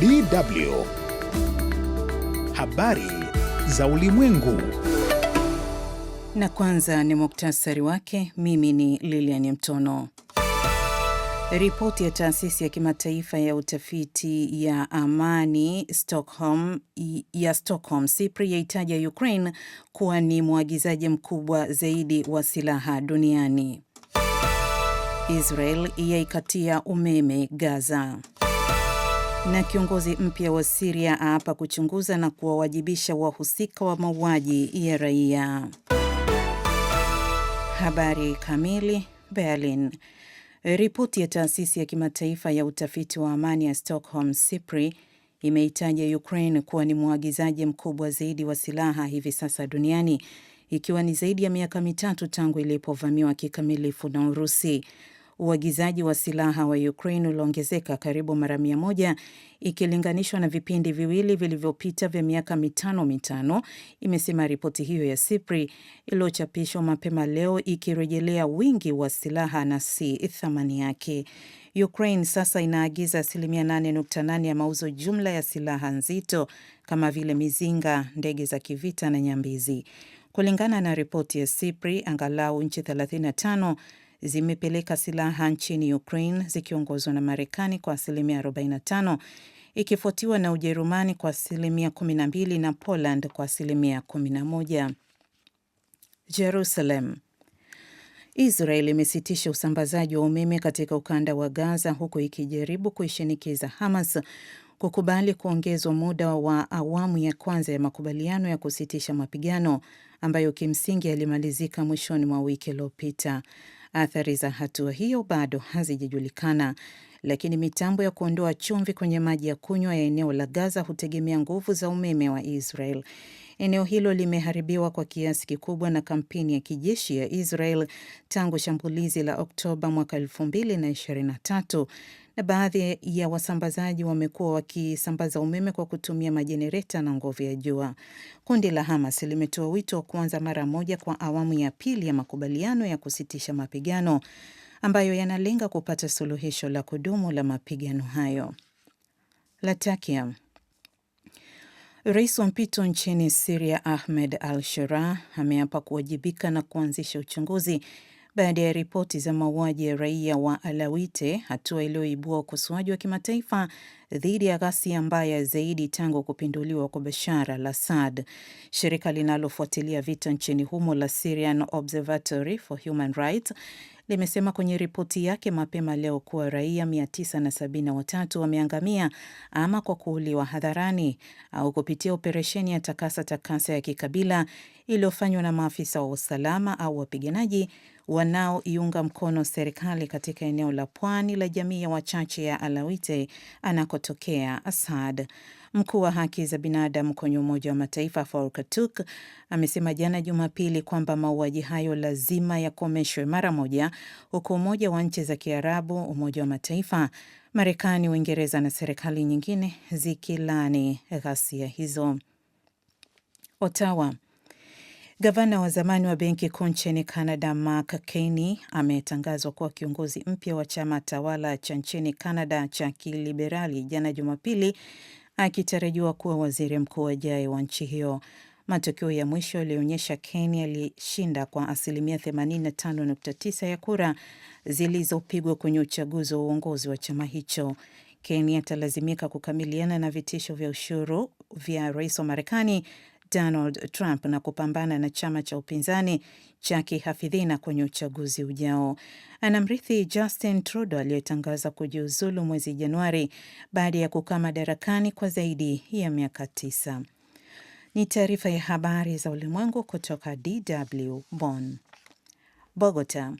DW Habari za Ulimwengu. Na kwanza ni muktasari wake. Mimi ni Lilian Mtono. Ripoti ya taasisi ya kimataifa ya utafiti ya amani Stockholm, ya Stockholm SIPRI yaitaja Ukraine kuwa ni mwagizaji mkubwa zaidi wa silaha duniani. Israel yaikatia umeme Gaza. Na kiongozi mpya wa siria aapa kuchunguza na kuwawajibisha wahusika wa mauaji ya raia. Habari kamili. Berlin. Ripoti ya taasisi ya kimataifa ya utafiti wa amani ya Stockholm SIPRI imeitaja Ukraine kuwa ni mwagizaji mkubwa zaidi wa silaha hivi sasa duniani ikiwa ni zaidi ya miaka mitatu tangu ilipovamiwa kikamilifu na Urusi uagizaji wa silaha wa Ukraine uliongezeka karibu mara mia moja ikilinganishwa na vipindi viwili vilivyopita vya miaka mitano mitano, imesema ripoti hiyo ya SIPRI iliyochapishwa mapema leo ikirejelea wingi wa silaha na si thamani yake. Ukraine sasa inaagiza asilimia 8.8 ya mauzo jumla ya silaha nzito kama vile mizinga, ndege za kivita na nyambizi. Kulingana na ripoti ya SIPRI, angalau nchi 35 zimepeleka silaha nchini Ukraine zikiongozwa na Marekani kwa asilimia 45 ikifuatiwa na Ujerumani kwa asilimia 12 na Poland kwa asilimia 11. Jerusalem. Israel imesitisha usambazaji wa umeme katika ukanda wa Gaza huku ikijaribu kuishinikiza Hamas kukubali kuongezwa muda wa awamu ya kwanza ya makubaliano ya kusitisha mapigano ambayo kimsingi yalimalizika mwishoni mwa wiki iliyopita. Athari za hatua hiyo bado hazijajulikana, lakini mitambo ya kuondoa chumvi kwenye maji ya kunywa ya eneo la Gaza hutegemea nguvu za umeme wa Israel. Eneo hilo limeharibiwa kwa kiasi kikubwa na kampeni ya kijeshi ya Israel tangu shambulizi la Oktoba mwaka 2023 na baadhi ya wasambazaji wamekuwa wakisambaza umeme kwa kutumia majenereta na nguvu ya jua. Kundi la Hamas limetoa wito wa kuanza mara moja kwa awamu ya pili ya makubaliano ya kusitisha mapigano ambayo yanalenga kupata suluhisho la kudumu la mapigano hayo. Latakia Rais wa mpito nchini siria Ahmed al-Sharaa ameapa kuwajibika na kuanzisha uchunguzi baada ya ripoti za mauaji ya raia wa Alawite, hatua iliyoibua ukosoaji wa kimataifa dhidi ya ghasia mbaya zaidi tangu kupinduliwa kwa Bashar al-Assad. Shirika linalofuatilia vita nchini humo la Syrian Observatory for Human Rights limesema kwenye ripoti yake mapema leo kuwa raia 973 wameangamia ama kwa kuuliwa hadharani au kupitia operesheni ya takasa takasa ya kikabila iliyofanywa na maafisa wa usalama au wapiganaji wanaoiunga mkono serikali katika eneo la pwani la jamii ya wachache ya Alawite anako alikotokea Assad. Mkuu wa haki za binadamu kwenye Umoja wa Mataifa Volker Turk amesema jana Jumapili kwamba mauaji hayo lazima yakomeshwe mara moja, huku Umoja wa Nchi za Kiarabu, Umoja wa Mataifa, Marekani, Uingereza na serikali nyingine zikilani ghasia hizo. Ottawa Gavana wa zamani wa benki kuu nchini Canada Mark Carney ametangazwa kuwa kiongozi mpya wa chama tawala cha nchini Canada cha Kiliberali jana Jumapili, akitarajiwa kuwa waziri mkuu ajaye wa nchi hiyo. Matokeo ya mwisho yalionyesha Carney alishinda kwa asilimia 85.9 ya kura zilizopigwa kwenye uchaguzi wa uongozi wa chama hicho. Carney atalazimika kukabiliana na vitisho vya ushuru vya rais wa Marekani Donald Trump na kupambana na chama cha upinzani cha kihafidhina kwenye uchaguzi ujao. Anamrithi Justin Trudeau aliyetangaza kujiuzulu mwezi Januari baada ya kukaa madarakani kwa zaidi ya miaka tisa. Ni taarifa ya habari za ulimwengu kutoka DW Bonn. Bogota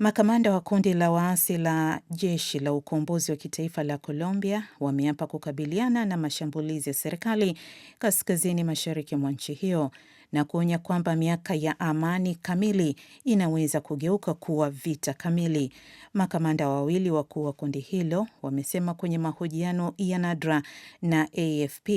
Makamanda wa kundi la waasi la jeshi la ukombozi wa kitaifa la Colombia wameapa kukabiliana na mashambulizi ya serikali kaskazini mashariki mwa nchi hiyo na kuonya kwamba miaka ya amani kamili inaweza kugeuka kuwa vita kamili. Makamanda wawili wakuu wa kundi hilo wamesema kwenye mahojiano ya nadra na AFP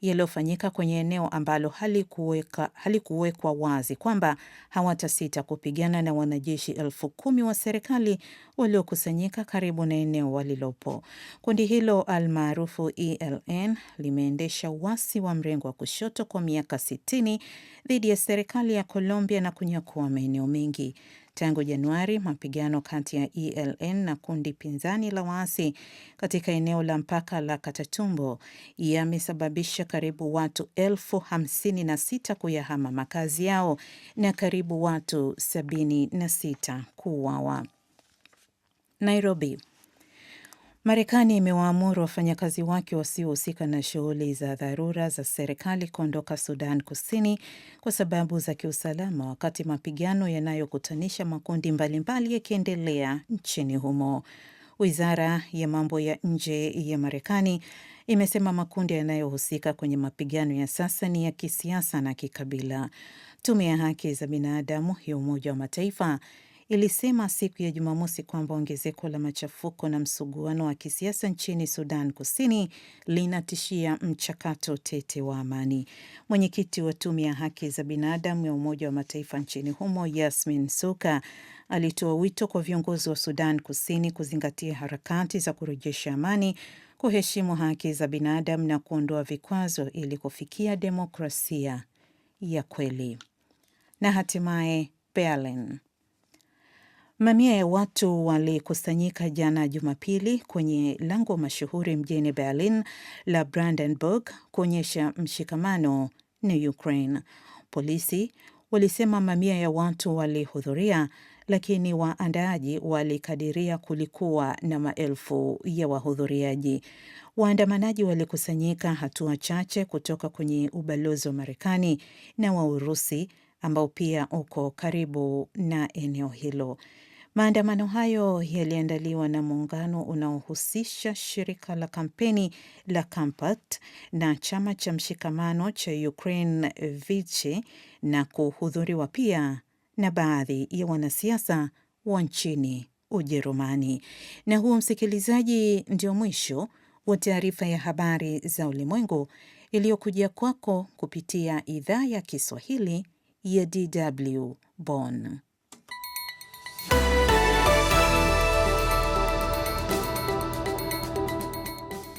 yaliyofanyika kwenye eneo ambalo halikuwekwa halikuwekwa wazi kwamba hawatasita kupigana na wanajeshi elfu kumi wa serikali waliokusanyika karibu na eneo walilopo. Kundi hilo almaarufu ELN limeendesha uasi wa mrengo wa kushoto kwa miaka sitini dhidi ya serikali ya Colombia na kunyakua maeneo mengi. Tangu Januari, mapigano kati ya ELN na kundi pinzani la waasi katika eneo la mpaka la Katatumbo yamesababisha karibu watu elfu hamsini na sita kuyahama makazi yao na karibu watu sabini na sita kuuawa. Nairobi. Marekani imewaamuru wafanyakazi wake wasiohusika na shughuli za dharura za serikali kuondoka Sudan Kusini kwa sababu za kiusalama, wakati mapigano yanayokutanisha makundi mbalimbali yakiendelea nchini humo. Wizara ya mambo ya nje ya Marekani imesema makundi yanayohusika kwenye mapigano ya sasa ni ya kisiasa na kikabila. Tume ya haki za binadamu ya Umoja wa Mataifa ilisema siku ya Jumamosi kwamba ongezeko la machafuko na msuguano wa kisiasa nchini Sudan Kusini linatishia mchakato tete wa amani. Mwenyekiti wa tume ya haki za binadamu ya Umoja wa Mataifa nchini humo Yasmin Suka alitoa wito kwa viongozi wa Sudan Kusini kuzingatia harakati za kurejesha amani, kuheshimu haki za binadamu na kuondoa vikwazo ili kufikia demokrasia ya kweli. Na hatimaye Berlin. Mamia ya watu walikusanyika jana Jumapili kwenye lango mashuhuri mjini Berlin la Brandenburg kuonyesha mshikamano na Ukraine. Polisi walisema mamia ya watu walihudhuria, lakini waandaaji walikadiria kulikuwa na maelfu ya wahudhuriaji. Waandamanaji walikusanyika hatua chache kutoka kwenye ubalozi wa Marekani na wa Urusi ambao pia uko karibu na eneo hilo. Maandamano hayo yaliandaliwa na muungano unaohusisha shirika la kampeni la Kampat na chama cha mshikamano cha Ukraine Viche na kuhudhuriwa pia na baadhi ya wanasiasa wa nchini Ujerumani. Na huo, msikilizaji, ndio mwisho wa taarifa ya habari za ulimwengu iliyokuja kwako kupitia idhaa ya Kiswahili ya DW Bonn.